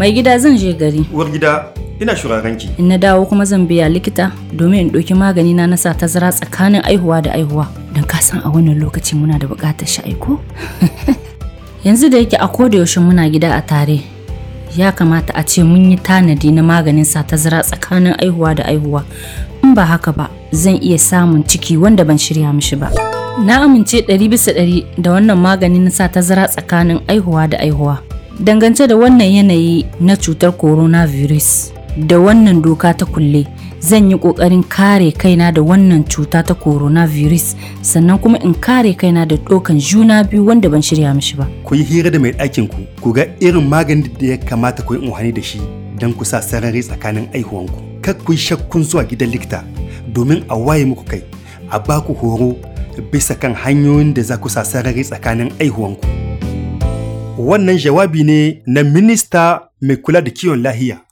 Mai gida zan je gari. Uwar gida ina In na dawo kuma zan biya likita domin in ɗauki magani na nasa tazara tsakanin aihuwa da aihuwa. Don ka san a wannan lokaci muna da buƙatar shi aiko. Yanzu da yake a koda yaushe muna gida a tare. Ya kamata a ce mun yi tanadi na maganin sa tazara tsakanin aihuwa da aihuwa. In ba haka ba zan iya samun ciki wanda ban shirya mishi ba. Na amince ɗari bisa ɗari da wannan maganin sa tazara tsakanin aihuwa da aihuwa. Dangance da wannan yanayi na cutar coronavirus da wannan doka ta kulle, zan yi ƙoƙarin kare kaina da wannan cuta ta coronavirus sannan kuma in kare kaina da ɗaukan juna biyu wanda ban shirya mishi ba. Ku yi hira da mai ɗakin ku, ku ga irin maganin da ya kamata ku yi umarni da shi don ku sa sarari tsakanin aihuwan ku Kar ku yi shakkun zuwa gidan likita domin a waye muku kai, a baku horo bisa kan hanyoyin da za ku sa sarari tsakanin ku Wannan jawabi ne na minista mai kula da kiwon lahiya.